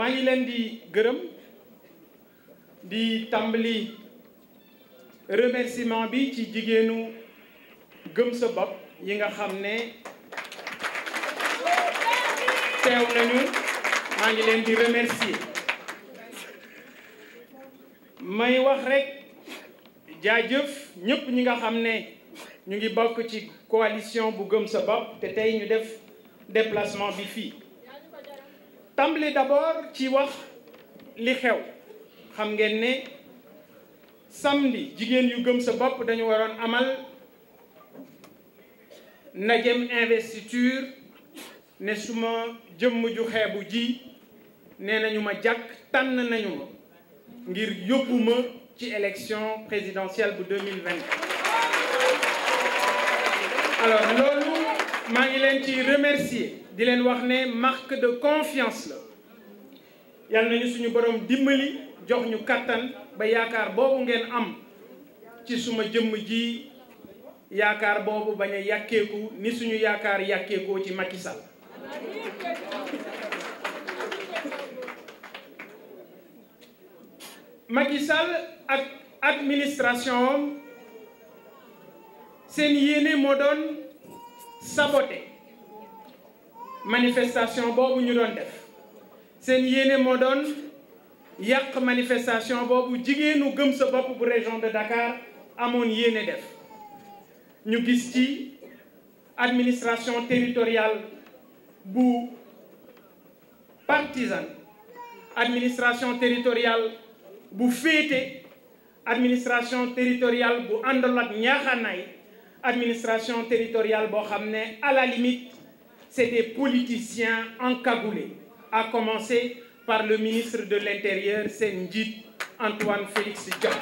maa ngi leen di gërëm di tàmbali remerciement bi ci jigéenu gëm sa bopp yi nga xam ne teew nañu maa ngi leen di remercier may wax rek jaajëf ñépp ñi nga xam ne ñu ngi bokk ci coalition bu gëm sa bopp te tey ñu def déplacement bi fii tàmbali d'abord ci wax li xew xam ngeen ne samedi jigéen yu gëm sa bopp dañu waroon amal ndajem investiture ne su ma jëmm ju xeebu ji nee nañu ma jàkk tànn nañu ma ngir yóbbu ma ci élection présidentielle bu 2024 alors maa ngi leen ci remercier di leen wax ne marque de confiance la yal nañu suñu boroom dimbali jox ñu kàttan ba yaakaar boobu ngeen am ci suma jëmm ji yaakaar boobu bañ a yàkkeeku ni suñu yaakaar yàkkeekoo ci Macky Sall Macky Sall ak administration seen yéene moo doon saboté manifestation boobu ñu doon def seen yéene moo doon yàq manifestation boobu jigéenu gëm sa bopp bu région de Dakar amoon yéene def ñu gis ci administration territoriale bu partisane administration territoriale bu féete administration territoriale bu àndal ak ñaaxaanaay administration territoriale boo xam ne à la limite c'est des politiciens encagoulés à commencer par le ministre de l'intérieur seen njiit Antoine Félix Diome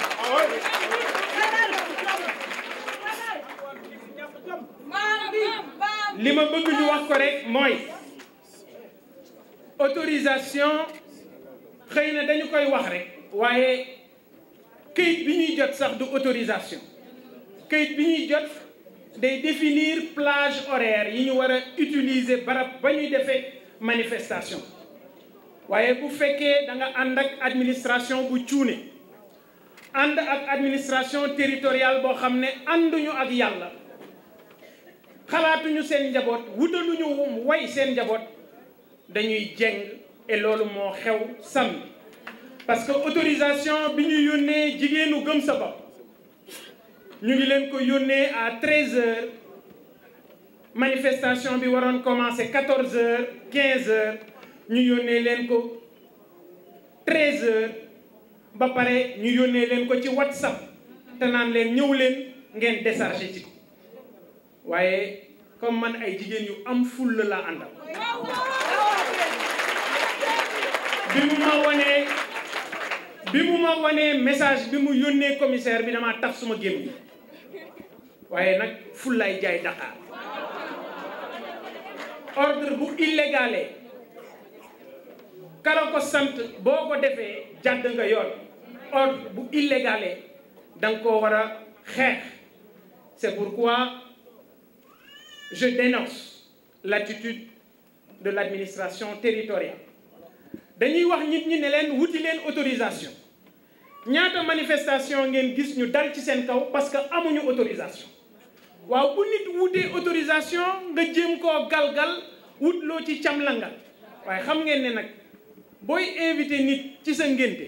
li ma bëgg ñu wax autorisation xëy na dañu koy wax rek waaye këyit bi ñuy jot sax du autorisation këyit bi day définir plage horaire yi ñu war a utiliser barab ba ñuy defee manifestation waaye bu fekkee da nga ànd ak administration bu cuune ànd ak administration territoriale boo xam ne ànduñu ak yàlla xalaatuñu seen njaboot wutaluñu way seen njaboot dañuy jeng et loolu moo xew sàmm parce que autorisation bi ñu yónnee jigéenu gëm sa bopp ñu ngi leen ko yónnee à 13h manifestation bi waroon commencer 14h quinze h ñu yónnee leen ko 13h ba pare ñu yónnee leen ko ci WhatsApp te naan leen ñëw leen ngeen décharger ci ko waaye comme man ay jigéen yu am fulla laa àndal bi mu ma wonee bi mu ma wonee message bi mu yónnee commissaire bi damaa tax suma génn waaye nag fullaay jaay Dakar ordre bu illégalé kala ko sant boo ko defee jàdd nga yoon ordre bu illégalé da nga koo war a xeex c'est pourquoi je dénonce l'attitude de l'administration territoriale dañuy wax nit ñi ne leen wuti leen autorisation ñaata manifestation ngeen gis ñu dal ci seen kaw parce que amuñu autorisation waaw bu nit wutee autorisation nga jéem koo galgal loo ci camlangal waaye xam ngeen ne nag booy invité nit ci sa ngénte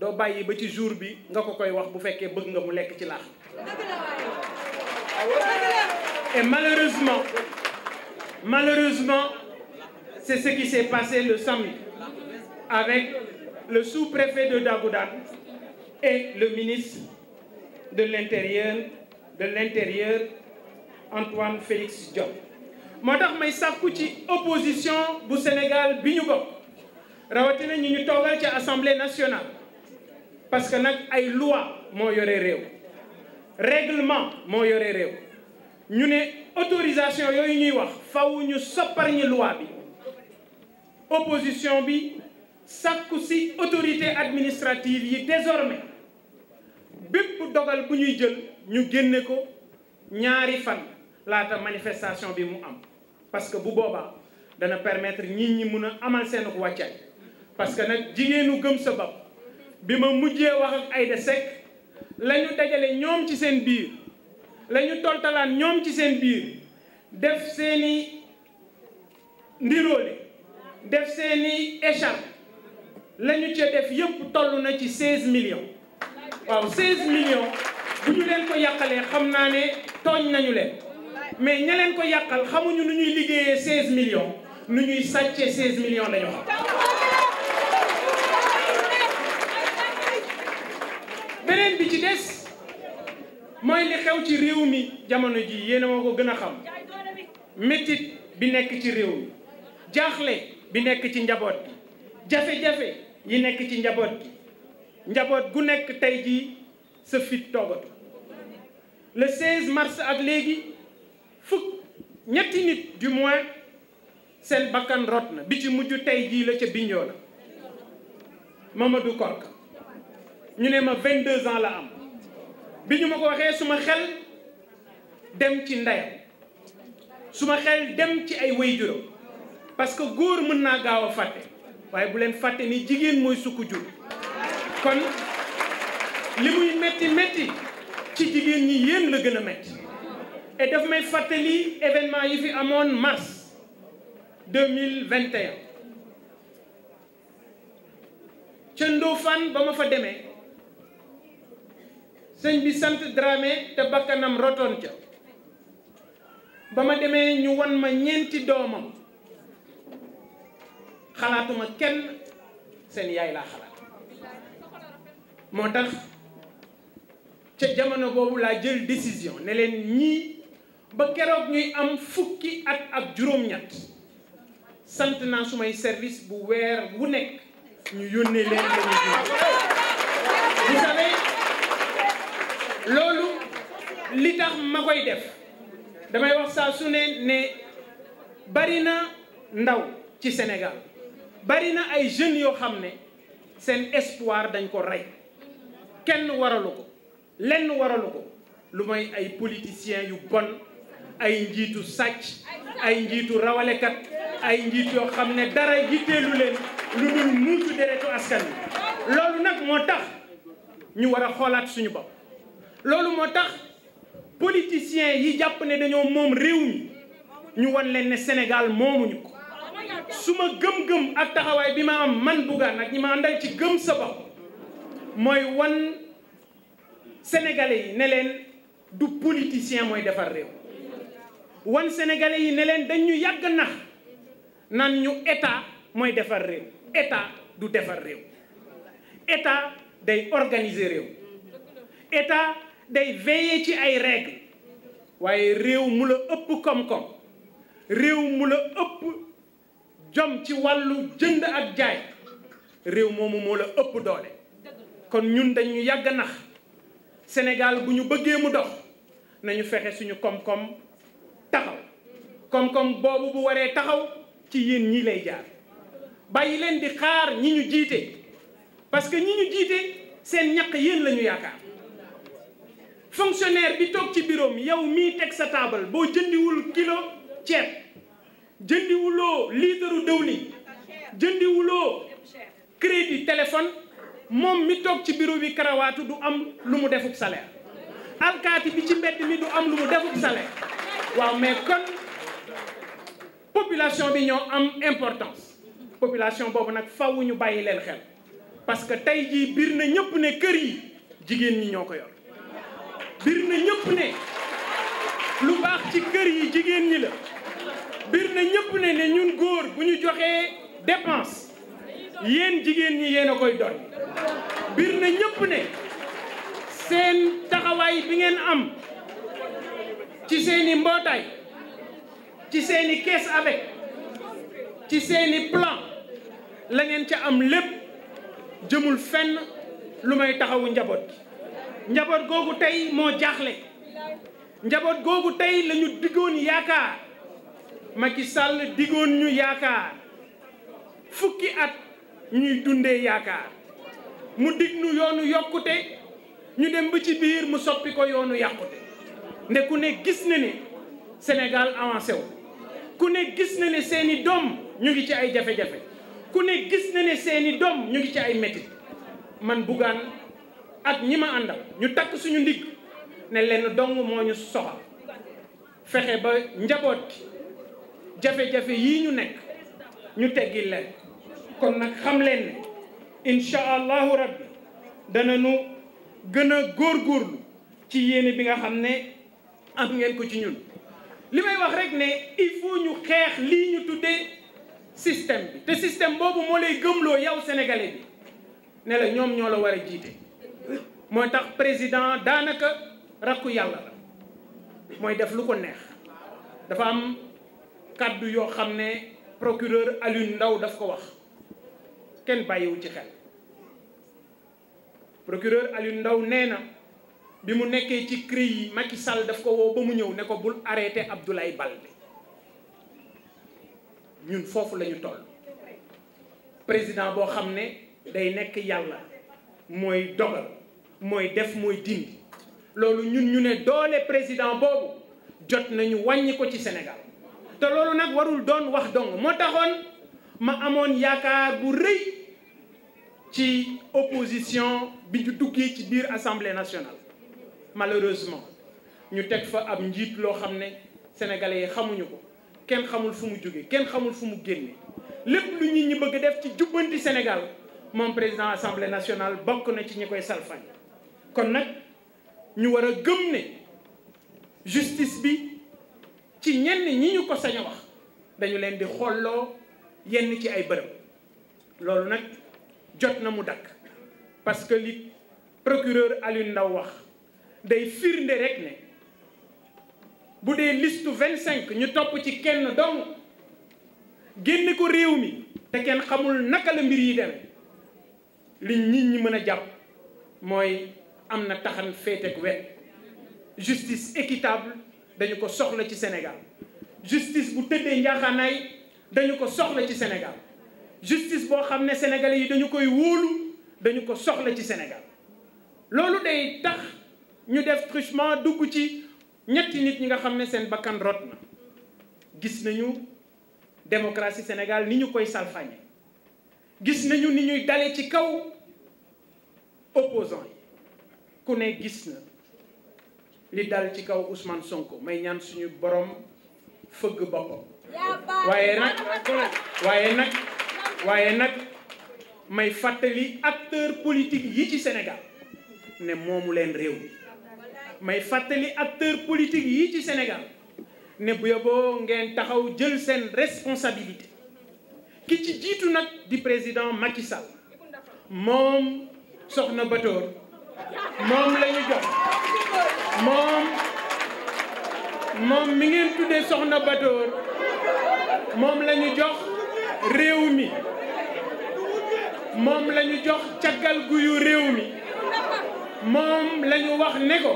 doo bàyyi ba ci jour bi nga ko koy wax bu fekkee bëgg nga mu lekk ci laax et malheureusement malheureusement c'est ce qui s'est passé le samedi avec le sous-préfet de Dagoudane et le ministre de l'Intérieur de l'intérieur Antoine Félix Diop moo tax may sàkku ci opposition bu Sénégal bi ñu ko rawatina ñu ñu toogal ci assemblée nationale parce que nag ay loi moo yore réew règlement moo yore réew ñu ne autorisation yooyu ñuy wax faw ñu sopparñi loi bi opposition bi sàkku si autorité administrative yi désormais bépp dogal bu ñuy jël ñu génne ko ñaari fan laata manifestation bi mu am parce que bu boobaa dana permettre nit ñi mun a amal seen wàccaay parce que nag jigéenu gëm sa bopp bi ma mujjee wax ak Aïda Seck la ñu dajale ñoom ci seen biir lañu ñu toltalaan ñoom ci seen biir def seeni ndiróole def seeni écharpe lañu ñu ca def yëpp toll na ci 16 millions waaw 16 millions bu ñu leen ko yàqalee xam naa ne tooñ nañu leen mais ña leen ko yàqal xamuñu nu ñuy liggéeyee 16 millions nu ñuy sàccee 16 millions lañu xam. beneen bi ci des mooy li xew ci réew mi jamono ji yéen ma ko gën a xam métit bi nekk ci réew mi jaaxle bi nekk ci njaboot jafe-jafe yi nekk ci njaboot gi njaboot gu nekk tey jii. sa fit toogatu le 16 mars ak léegi fukk ñetti nit du moins seen bakkan rot na bi ci mujj tey jii la ca Bignona Mamadou Korka ñu ne ma 22 ans la am bi ñu ma ko waxee suma xel dem ci ndeyam suma xel dem ci ay waajuram parce que góor mën naa gaaw a fàtte waaye bu leen fàtte ni jigéen mooy sukku jur kon li muy métti métti ci jigéen ñi yéen la gën a metti et daf may fàttali événement yi fi amoon mars deux mille vingt ca Ndofane ba ma fa demee sëñ bi sant drame te bakkanam rotoon ca ba ma demee ñu wan ma ñeenti doomam xalaatuma kenn seen yaay laa xalaat moo tax ca jamono boobu laa jël décision ne leen ñii ba keroog ñuy am fukki at ak juróom-ñett sant naa sumay service bu weer wu nekk ñu yónnee leen lañu vous savez loolu li tax ma koy def damay wax saa su ne ne bari na ndaw ci Sénégal bari na ay jeunes yoo xam ne seen espoir dañ ko rey kenn waralu ko lenn waralu ko lu mooy ay politiciens yu bon ay njiitu sàcc ay njiitu rawalekat ay njiit yoo xam ne dara yitteelu leen lu dul muucu deretu askan wi loolu nag moo tax ñu war a xoolaat suñu bopp loolu moo tax politiciens yi jàpp ne dañoo moom réew mi ñu wan leen ne Sénégal moomuñu ko su ma gëm-gëm ak taxawaay bi ma am man Bougane nag ñi ma àndal ci gëm sa mooy wan sénégalais yi ne leen du politicien mooy defar réew wan sénégalais yi ne leen dañ ñu yàgg nax nan ñu état mooy defar réew état du defar réew état day organiser réew état day veiller ci ay règles waaye réew mu la ëpp koom-koom réew mu la ëpp jom ci wàllu jënd ak jaay réew moomu moo la ëpp doole kon ñun dañu yàgg nax Sénégal bu ñu bëggee mu dox nañu fexe suñu koom-koom taxaw koom-koom boobu bu waree taxaw ci yéen ñii lay jaar bàyyi leen di xaar ñi ñu jiite parce que ñi ñu jiite seen ñaq yéen lañu ñu yaakaar fonctionnaire bi toog ci bureau yow mii teg sa taabal boo jëndiwul kilo ceeb jëndiwuloo liitaru dëwlin jëndiwuloo crédit téléphone moom mi toog ci bureau bi karawaatu du am lu mu defuk salaire alkaati bi ci mbedd mi du am lu mu defuk salaire waaw mais kon population bi ñoo am importance population boobu nag fàww ñu bàyyi leen xel parce que tey jii biir na ñëpp ne kër yi jigéen ñi ñoo ko yor biir na ñëpp ne lu baax ci kër yi jigéen ñi la biir na ñëpp ne ne ñun góor bu ñu joxee dépense yéen jigéen ñi yéen koy doon bir na ñëpp ne seen taxawaay bi ngeen am ci seeni mbootaay ci seeni kees avec ci seeni plan la ngeen ca am lépp jëmul fenn lu may taxawu njaboot gi njaboot googu tey moo jaaxle njaboot googu tey lañu ñu diggoon yaakaar Macky Sall diggoon ñu yaakaar fukki at yu ñuy dundee yaakaar mu dig nu yoonu yokkute ñu dem ba ci biir mu soppi ko yoonu yàqute nde ku ne gis na ne Sénégal avancé wu ku ne gis na ne seeni doom ñu ngi ci ay jafe ku ne gis na ne seeni doom ñu ngi ci ay métit man Bougane ak ñi ma àndal ñu takk suñu ndikk ne lenn dong moo ñu soxal fexe ba njaboot jafe-jafe yii ñu nekk ñu teggi leen kon nag xam leen ne incha allahu rabbi dana nu gën a góorgóorlu ci yéene bi nga xam ne am ngeen ko ci ñun li may wax rek ne il faut ñu xeex lii ñu tuddee système te système boobu moo lay gëmloo yow sénégalais bi ne la ñoom ñoo la war a jiite mooy tax président daanaka rakku yàlla la mooy def lu ko neex dafa am kàddu yoo xam ne procureur Alioune ndaw daf ko wax kenn bàyyiwu ci xel procureur Aliou ndaw nee na bi mu nekkee ci CREI yi Macky Sall daf ko woo ba mu ñëw ne ko bul arrêté Abdoulaye Baldé ñun foofu la ñu toll président boo xam ne day nekk yàlla mooy dogal mooy def mooy dindi loolu ñun ñu ne doole président boobu jot nañu wàññi ko ci senegal te loolu nag warul doon wax dong moo taxoon ma amoon yaakaar bu rëy ci opposition bi ñu duggee ci biir assemblée nationale malheureusement ñu teg fa ab njiit loo xam ne sénégalais yi xamuñu ko kenn xamul fu mu jógee kenn xamul fu mu génne lépp lu nit ñi bëgg def ci jubbanti Sénégal moom président assemblée nationale bokk na ci ñi koy salfañ kon nag ñu war a gëm ne justice bi ci ñenn ñi ñu ko sañ wax dañu leen di xolloo yenn ci ay bërëb loolu nag jot na mu dakk parce que li procureur Alioune ndaw wax day firnde rek ne bu dee liste vingt cinq ñu topp ci kenn dong génne ko réew mi te kenn xamul naka la mbir yi demee li nit ñi mën a jàpp mooy am na taxan féete ku wet justice équitable dañu ko soxla ci Sénégal justice bu tëddee njaaxaanaay dañu ko soxla ci Sénégal justice boo xam ne sénégalais yi dañu koy wóolu dañu ko soxla ci Sénégal loolu day tax ñu def truchement dugg ci ñetti nit ñi nga xam ne seen bakkan rot na gis nañu démocratie Sénégal ni ñu koy salfañe gis nañu ni ñuy dale ci kaw opposant yi ku ne gis na li dal ci kaw Ousmane Sonko may ñaan suñu borom fëgg boppam waaye nag waaye nag waaye nag may fàttali acteur politique yi ci Sénégal ne moomu leen réew mi may fàttali acteur politique yi ci Sénégal ne bu yoboo ngeen taxaw jël seen responsabilité ki ci jiitu nag di président Macky Sall moom soxna Batoor moom la jox moom mi ngeen tuddee soxna Batoor moom la ñu jox réew mi moom lañu jox caggal guyu réew mi moom la wax ne ko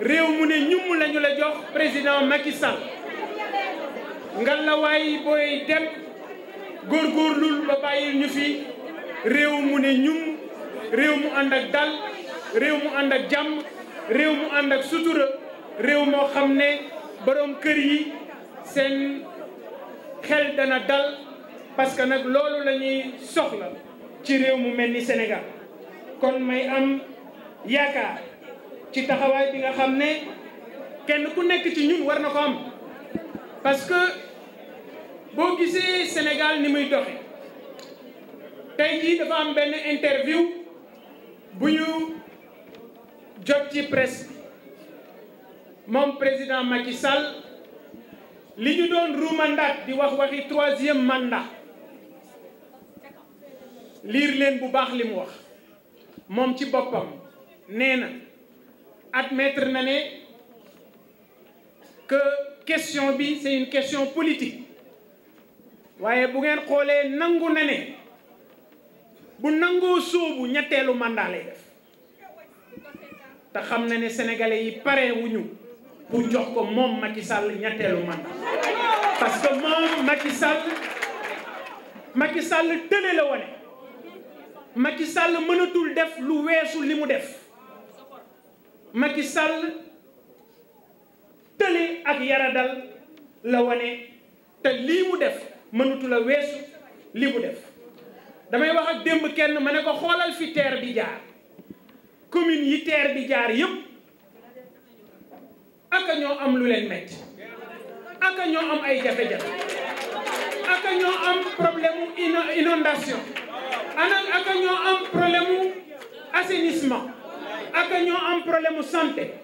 réew mu ne ñum lañu la jox président Macky Sall ngalawaay booy dem góorgóorlul ba bàyyil ñu fi réew mu ne ñum réew mu ànd ak dal réew mu ànd ak jàmm réew mu ànd ak sutura réew moo xam ne boroom kër yi seen xel dana dal parce que nag loolu lañuy soxla ci réew mu mel ni Sénégal kon may am yaakaar ci taxawaay bi nga xam ne kenn ku nekk ci ñun war na ko am parce que boo gisee Sénégal ni muy doxe tey jii dafa am benn interview bu ñu jot ci presse bi moom président Macky sal li ñu doon ru ruumandaat di wax waxi troisième mandat liir leen bu baax li mu wax moom ci boppam nee na admettre na ne que question bi c'est une question politique waaye bu ngeen xoolee nangu na ne bu nangoo sóobu ñetteelu mandat lay te xam na ne sénégalais yi pare wuñu pour jox ko moom Macky sàll ñetteelu mandat parce que moom Macky Sall Macky Sall tële la wone Macky Sall mënatul def lu weesu li mu def Macky Sall tële ak yaradal la wane te lii mu def mënatul a weesu li mu def damay wax ak démb kenn ma ne ko xoolal fi terre bi jaar commune yi terre bi jaar yépp aka ñoo am lu leen metti aka ñoo am ay jafe-jafe aka ñoo am problème mu anan aka ñoo am problème mu assainissement aka ñoo am problème mu santé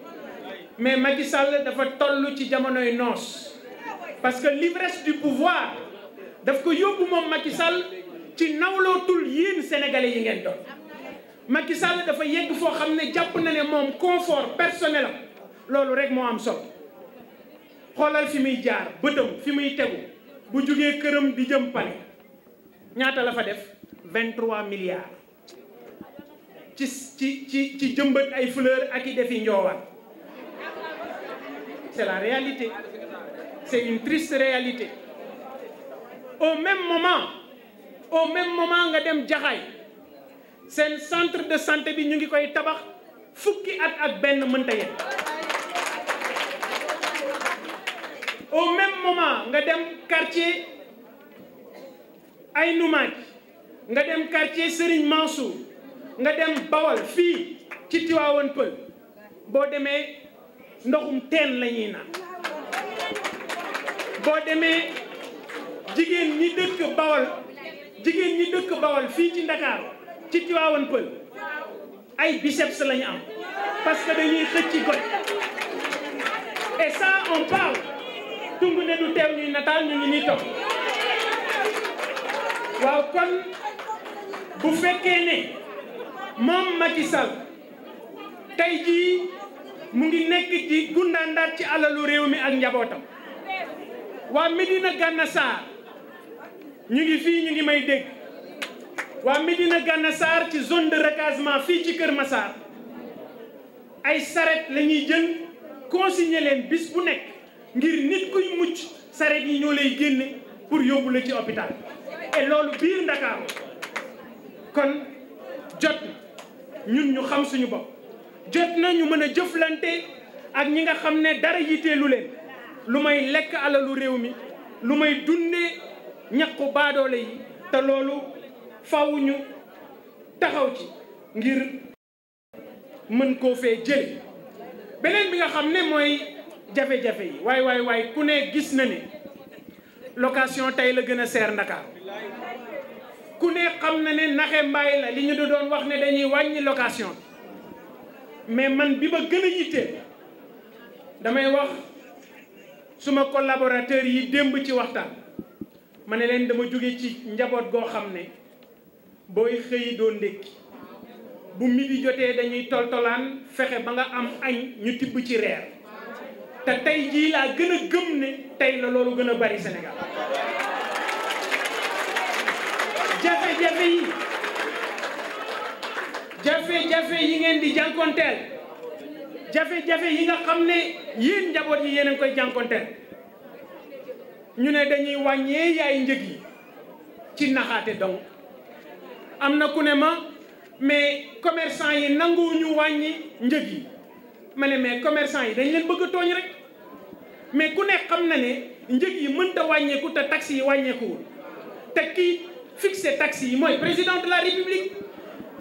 mais Macky Sall dafa toll ci jamonoy noos parce que l'ivresse du pouvoir daf ko yóbbu moom Macky Sall ci nawlootul yéen sénégalais yi ngeen doon Macky Sall dafa yegg foo xam ne jàpp na ne moom confort personnel am loolu rek moo am solo xoolal fi muy jaar bëtam fi muy tegu bu jugee këram di jëm pale ñaata la fa def 23 milliards ci ci ci ci jëmbat ay fleur ak i defi njoowaan c'est la réalité c'est une triste réalité au même moment au même moment nga dem jaxaay seen centre de santé bi ñu ngi koy tabax fukki at ak benn mënta yem au même moment nga dem quartier ay numaaj nga dem quartier Serigne Mansour nga dem Bawol fii ci Tiwaawoon Pël boo demee ndoxum teen la ñuy naan boo demee jigéen ñi dëkk Bawol jigéen ñi dëkk Bawol fii ci Ndakaar ci Tiwaawoon Pël ay biceps la ñu am parce que dañuy xëcc goj et ça on parle ne du teew ñuy nataal ñu ngi nii waaw kon bu fekkee ne moom Macky Sall tey jii mu ngi nekk di gundaandaat ci alalu réew mi ak njabootam waa Medina Gana Sarr ñu ngi fii ñu ngi may dégg waa Medina Gana Sarr ci zone de recasement fii ci Kër Massar ay saret lañuy ñuy consigné leen bis bu nekk ngir nit kuy mucc saret yi ñoo lay génne pour yóbbu la ci hôpital et loolu biir Ndakaaru kon jot ñun ñu xam suñu bopp jot na ñu mën a jëflante ak ñi nga xam ne dara yiteelu leen lu may lekk alalu réew mi lu may dundee ñaqu baadoole yi te loolu faw ñu taxaw ci ngir mën koo fee jële beneen bi nga xam ne mooy jafe-jafe yi waay waay ku ne gis na ne location tey la gën a seer Ndakaaru ku ne xam na ne naxe mbaay la li ñu du doon wax ne dañuy wàññi location mais man bi ma gën a yittee damay wax suma collaborateur yi démb ci waxtaan ma ne leen dama jóge ci njaboot goo xam ne booy xëyi doo ndékki bu midi jotee dañuy toltolaan fexe ba nga am añ ñu tibb ci reer te tey jii laa gën a gëm ne tey la loolu gën a bari Sénégal jafe-jafe yi jafe-jafe yi ngeen di jànkonteel jafe-jafe yi nga xam ne yéen njaboot yi yéen a koy jànkonteel ñu ne dañuy wàññee yaay njëg yi ci naxaate donc am na ku ne ma mais commerçant yi nanguwuñu wàññi njëg yi ma ne mais commerçant yi dañ leen bëgg a tooñ rek mais ku ne xam na ne njëg yi mënta wàññeeku te taxes yi wàññeekuwul te kii fixé taxe yi mooy président de la république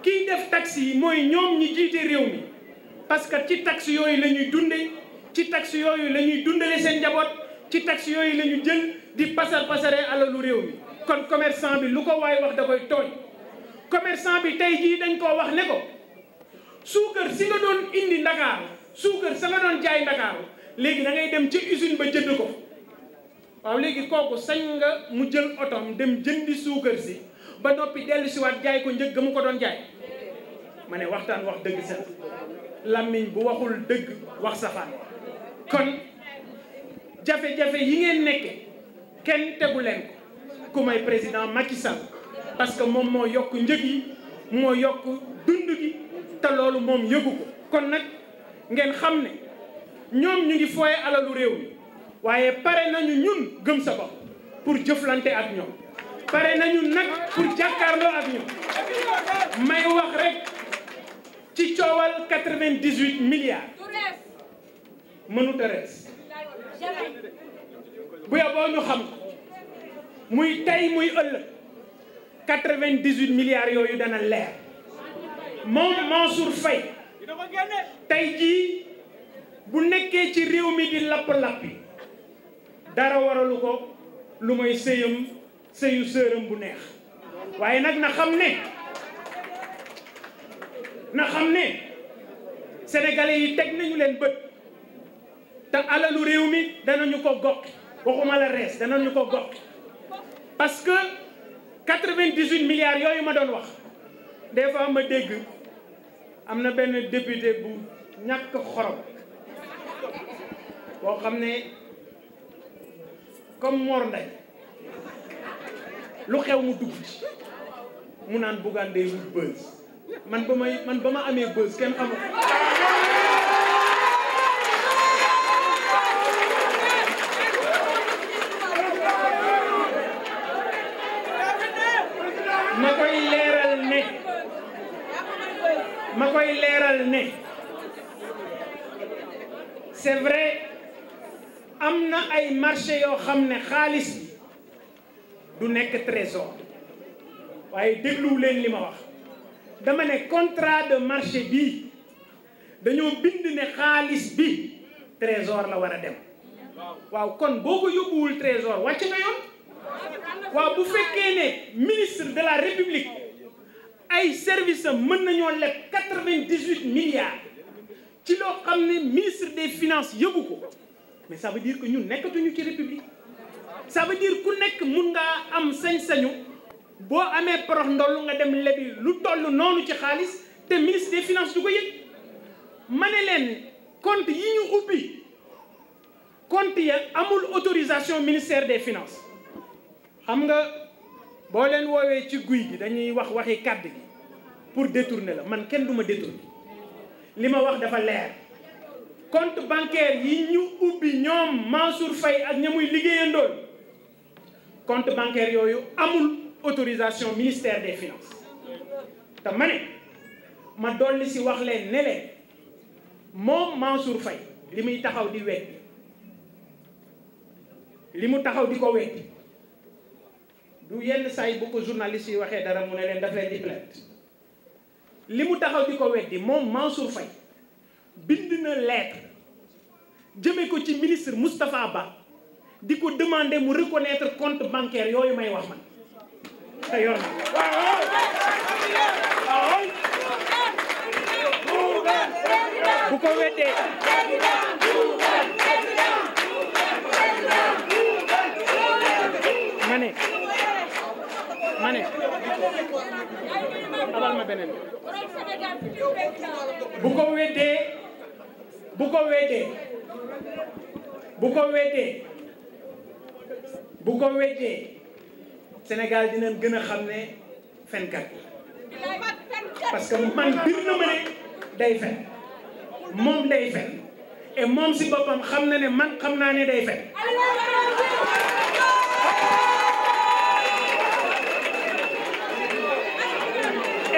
kiy def taxe yi mooy ñoom ñi jiite réew mi parce que ci taxe yooyu la ñuy dunde ci taxe yooyu la ñuy dundale seen njaboot ci taxe yooyu la ñu jël di pasar pasaree alalu réew mi kon commerçant bi lu ko waay wax da koy tooñ commerçant bi tey jii dañ koo wax ne ko suukar si nga doon indi Ndakaaru suukar sa nga doon jaay Ndakaaru léegi da ngay dem ci usine ba jënd ko waaw léegi kooku sañ nga mu jël otom dem jëndi suukar si ba noppi dellu siwaat jaay ko njëg ga mu ko doon jaay ma ne waxtaan wax dëgg sax làmmiñ bu waxul dëgg wax safaan kon jafe-jafe yi ngeen nekke kenn tegu leen ko ku may président Macky Sall parce que moom moo yokk njëg yi moo yokk dund gi te loolu moom yëgu ko kon nag ngeen xam ne ñoom ñu ngi fooye alalu réew mi waaye pare nañu ñun gëm sa pour jëflante ak ñoom pare nañu nag pour jàkkaarloo ak ñoom may wax rek ci coowal quatre-vingt-dix-huit milliards bu yoboo ñu xam muy tey muy ëllëg quatre-vingt-dix-huit milliards yooyu dana leer moom Mansour Faye tey jii bu nekkee ci réew mi di lapp-lappi dara waralu ko lu mooy sëyam sëyu sëram bu neex waaye nag na xam ne na xam ne sénégalais yi teg nañu leen bët te alalu réew mi danañu ko gox waxuma la rees danañu ko gox parce que quatre-vingt-dix-huit milliards yooyu ma doon wax des fois ma dégg am na benn député bu ñàkk xorom boo xam ne comme Mor Ndeye lu xew mu dugg mu naan Bougane day wut man ba ma amee buzz kenn xamul ma koy leeral ne ma koy leeral ne c'est vrai am na ay marché yoo xam ne xaalis bi du nekk trésor waaye dégluwu leen li ma wax dama ne contrat de marché bii dañoo bind ne xaalis bi trésor la war a dem waaw kon boo ko yóbbuwul trésor wàcc nga yoon waaw bu fekkee ne ministre de la république ay service am mën nañoo leb quatre-vingt-dix-huit milliards ci loo xam ne ministre des finances yëgu ko mais ça veut dire que ñun nekkatuñu ci république ça veut ku nekk mun ngaa am sañ-sañu boo amee porox ndollu nga dem lebi lu toll noonu ci xaalis te ministre des finances du ko yëg ma ne leen compte yi ñu ubbi compte ya amul autorisation ministère des finance xam nga boo leen woowee ci guy gi dañuy wax waxi kàdd gi pour détourner la man kenn du ma détourner li ma wax dafa leer compte bancaire yi ñu ubbi ñoom Mansour fay ak ña muy liggéeyandoon compte bancaire yooyu amul autorisation ministère des finances te ma ne ma dolli si wax leen ne leen moom Mansour fay li muy taxaw di weddi li mu taxaw di ko weddi du yenn say bu ko journaliste yi waxee dara mu ne leen daf leen di li mu taxaw di ko weddi moom Mansour Faye bind na lettre jëme ko ci ministre Moustapha Ba di ko demande mu reconnaître compte bancaire yooyu may wax ma ne ma bu ko weddee bu ko weetee bu ko weetee bu ko weetee Sénégal dinañ gën a xam ne fenkat parce que man bir ma ne day fen moom day fen et moom si boppam xam na ne man xam naa ne day fen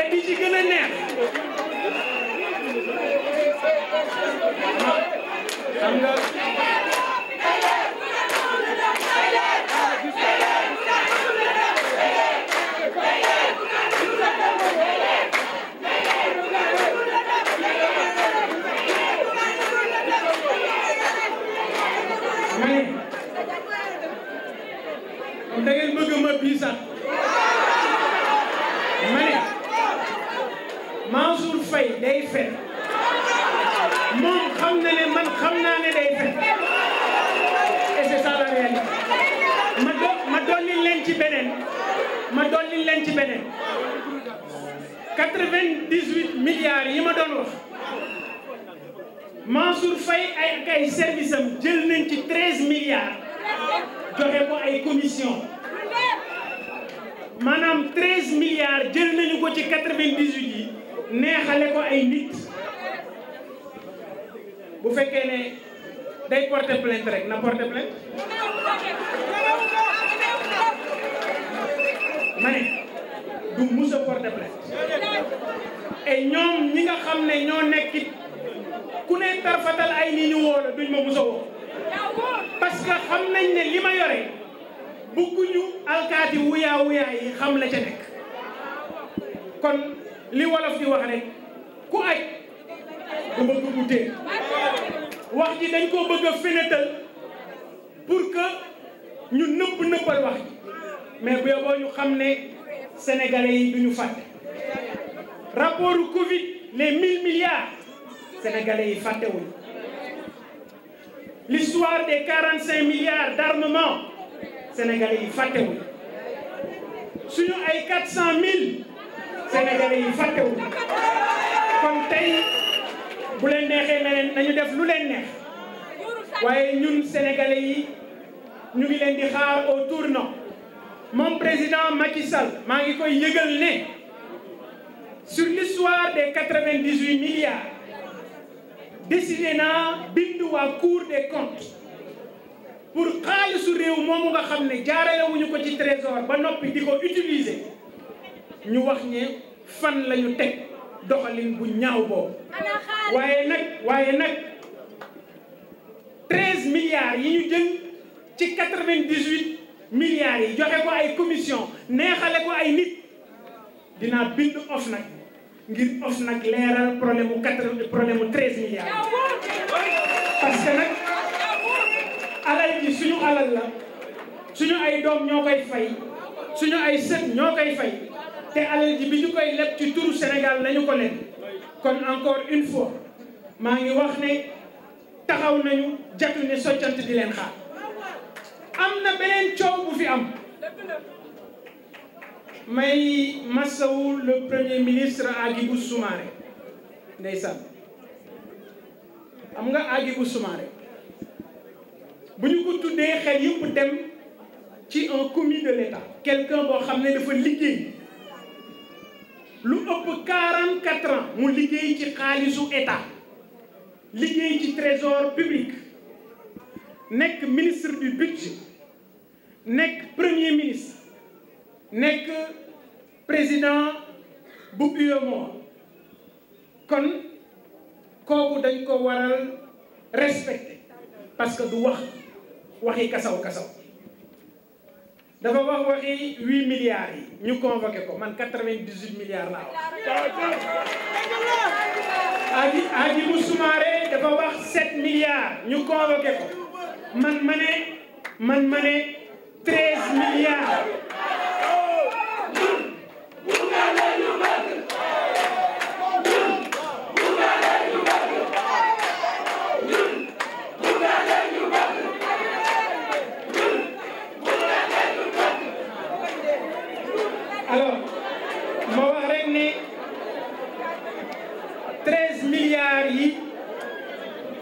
et bi gën a neex xam nga da ngeen bëgg ma bii sax ma fen moom xam na ne ci beneen ma dolli leen ci beneen 98 milliards yi ma doon wax Mansour Faye ay ay jël nañ ci 13 milliards joxe ko ay commission maanaam 13 milliards jël nañu ko ci 98 yi neexale ko ay nit bu fekkee ne day porter plainte rek na porter plainte ma du mus a porter ñoom ñi nga xam ne ñoo nekkit ku ne tarfatal ay ni ñu woo duñ ma mus a woo que xam nañ ne li ma yore bëgguñu alkaati wuyaa wuyaa yi xam la ca nekk kon li wolof di wax ne ku aj ku bëgg bu tee wax ji dañ koo bëgg a fénétal pour que ñu nëpp nëppal wax ji mais bu yoboo ñu xam ne sénégalais yi du ñu fàtte rapport Covid les mille milliards sénégalais yi fàttewuñu l'histoire des quarante cinq milliards d'armement sénégalais yi fàttewuñu suñu ay quatre cent mille sénégalais yi fàttewuñu kon tey bu leen neexee na leen def lu leen neex waaye ñun sénégalais yi ñu ngi leen di xaar au tournant moom président Macky Sall maa ngi koy yëgal ne sur l'histoire des quatre-vingt-dix-huit milliards décidé naa bind waa Cour des comptes pour xaalisu réew moomu nga xam ne jaarale ko ci trésor ba noppi di ko utiliser ñu wax ne fan la teg doxalin bu ñaaw boobu waaye nag waaye nag treize milliards yi ñu jël ci quatre milliards yi joxe ko ay commission neexale ko ay nit dinaa bind OFNAC ngir OFNAC leeral problème mu quatre problème mu treize milliards. parce que nag alal ji suñu alal la suñu ay doom ñoo koy fay suñu ay sët ñoo koy fay te alal ji bi ñu koy leb ci turu Sénégal nañu ko leb kon encore une fois maa ngi wax ne taxaw nañu jatu ne soccant di leen xaar. am na beneen coow bu fi am may masawu le premier ministre Hadjibou Soumaré ndeysaan am nga Hadjibou Soumaré bu ñu ko tuddee xel yëpp dem ci un commis de l'État quelqu'un boo xam ne dafa liggéey lu ëpp quarante quatre ans mu liggéey ci xaalisu état liggéey ci trésor public nekk ministre du budget nekk premier ministre nekk président bu UEMOA kon kooku dañ ko waral respecté parce que du wax waxi kasaw kasaw dafa wax waxi huit milliards yi ñu convoqué ko man quatre-vingt-dix-huit ko man ma ne man ma ne treize milliards alors ma wax rek ni treize milliards yi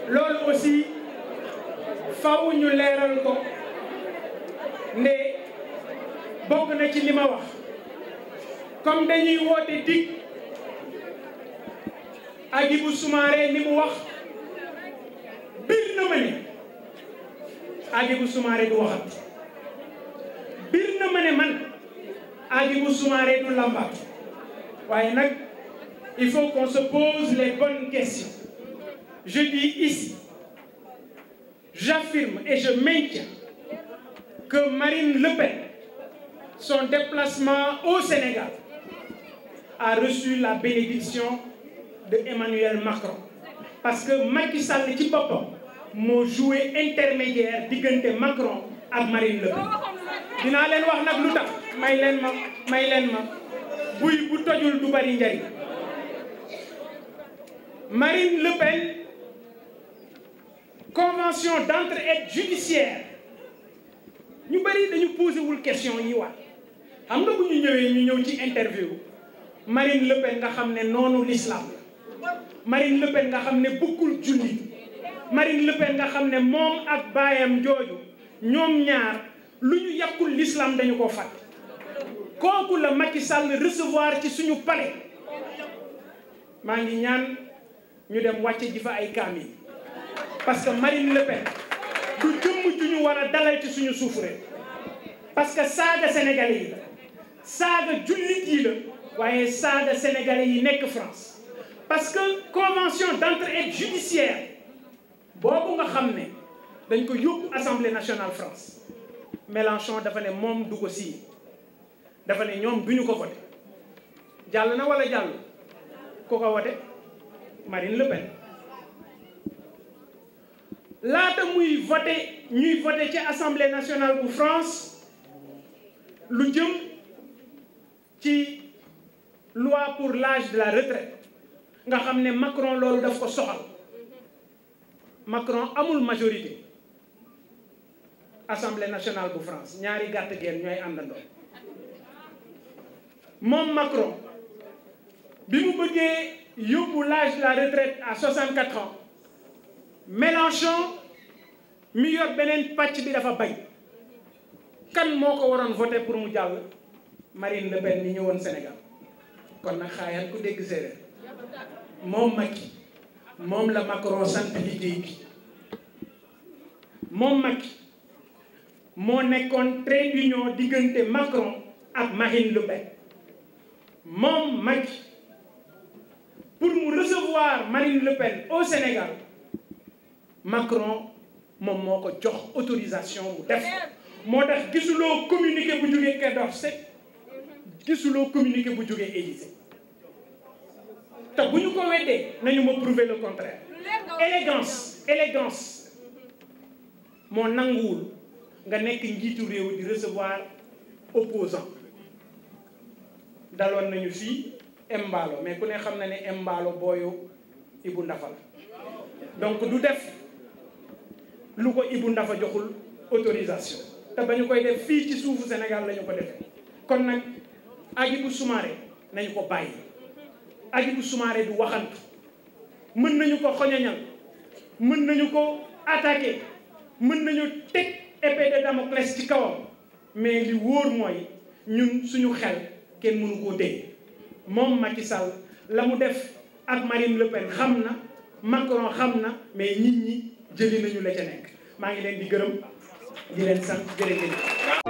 loolu aussi faw ñu leeral ko bokk na ci li ma wax comme dañuy woote dig Hadjibou Soumaré li mu wax bir na ma ne Hadjibou Soumaré du waxat bir na ma ne man Hadjibou Soumaré du lambat waaye nag il faut qu'on se pose les bonnes questions je dis ici j'affirme et je maintiens que Marine son déplacement au Sénégal a reçu la bénédiction de Emmanuel Macron parce que Macky Sall ci boppam moo joué intermédiaire diggante Macron ak Marine Le Pen dinaa leen wax nag lu tax may leen ma may leen ma buy bu tojul du bari njariñ Marine Le Pen convention d'entraide judiciaire ñu bëri dañu posé wul question yi wax xam nga bu ñu ñëwee ñu ñëw ci interview Marine Le Pen nga xam ne noonu l'islam la Marine Le Pen nga xam ne bukkul jullit Marine Le Pen nga xam ne moom ak baayam jooju ñoom ñaar lu ñu yàqul l'islam dañu ko fàtte kooku la Macky Sall recevoir ci suñu palais maa ngi ñaan ñu dem wàcce ji fa ay kaamil parce que Marine Le Pen du jëmm ju war a dalal ci suñu suuf rek que saaga sénégalais saaga jullit yi la waaye saaga sénégalais yi nekk France parce que convention d'entraide judiciaire boobu nga xam ne dañ ko yóbbu assemblée nationale France Mélenchon dafa ne moom du ko signé dafa ne ñoom duñu ko voté jàll na wala jàll ku ko wote Marine Le Pen laata muy voté ñuy voté ci assemblée nationale bu France lu jëm ci loi pour l'âge de la retraite nga xam ne Macron loolu daf ko soxal Macron amul majorité assemblée nationale bu France ñaari gàtt geen ñooy àndandoo moom Macron bi mu bëggee yóbbu l'âge de la retraite à 64 ans Mélenchon mi beneen pàcc bi dafa bañ kan moo ko waroon voté pour mu jàll Marine Le Pen mi ñëwoon Sénégal kon na xaayaan ku dégg séeréer moom Macky moom la Macron sant liggéey moom Macky moo nekkoon trait d'union diggante Macron ak Marine Le Pen moom Macky pour mu recevoir Marine Le Pen au Sénégal Macron moom moo ko jox autorisation bu def moo tax gisuloo communiqué bu jógee Quai d'Orsay gisuloo communiqué bu jógee Élysée te bu ñu ko weddee nañu ma prouver le contraire élégance élégance moo nanguwul nga nekk njiitu réew di recevoir opposant daloon nañu fii Mballo mais ku ne xam na ne Mballo booyu Ibou Ndafa la donc du def lu ko Ibou Ndafa joxul autorisation te ba ñu koy def fii ci suufu Sénégal la ko defee kon nag Hadjibou Soumaré nañu ko bàyyi Hadjibou Soumaré bu waxantu mën nañu ko xoñoñal mën nañu ko attaqué mën nañu teg épée de Damoclès ci kawam mais li wóor mooy ñun suñu xel kenn mënu koo dégg moom Macky saw la mu def ak Marine Le Pen xam na Macron xam na mais nit ñi jëli nañu la ca nekk maa ngi leen di gërëm di leen sant jërëjëf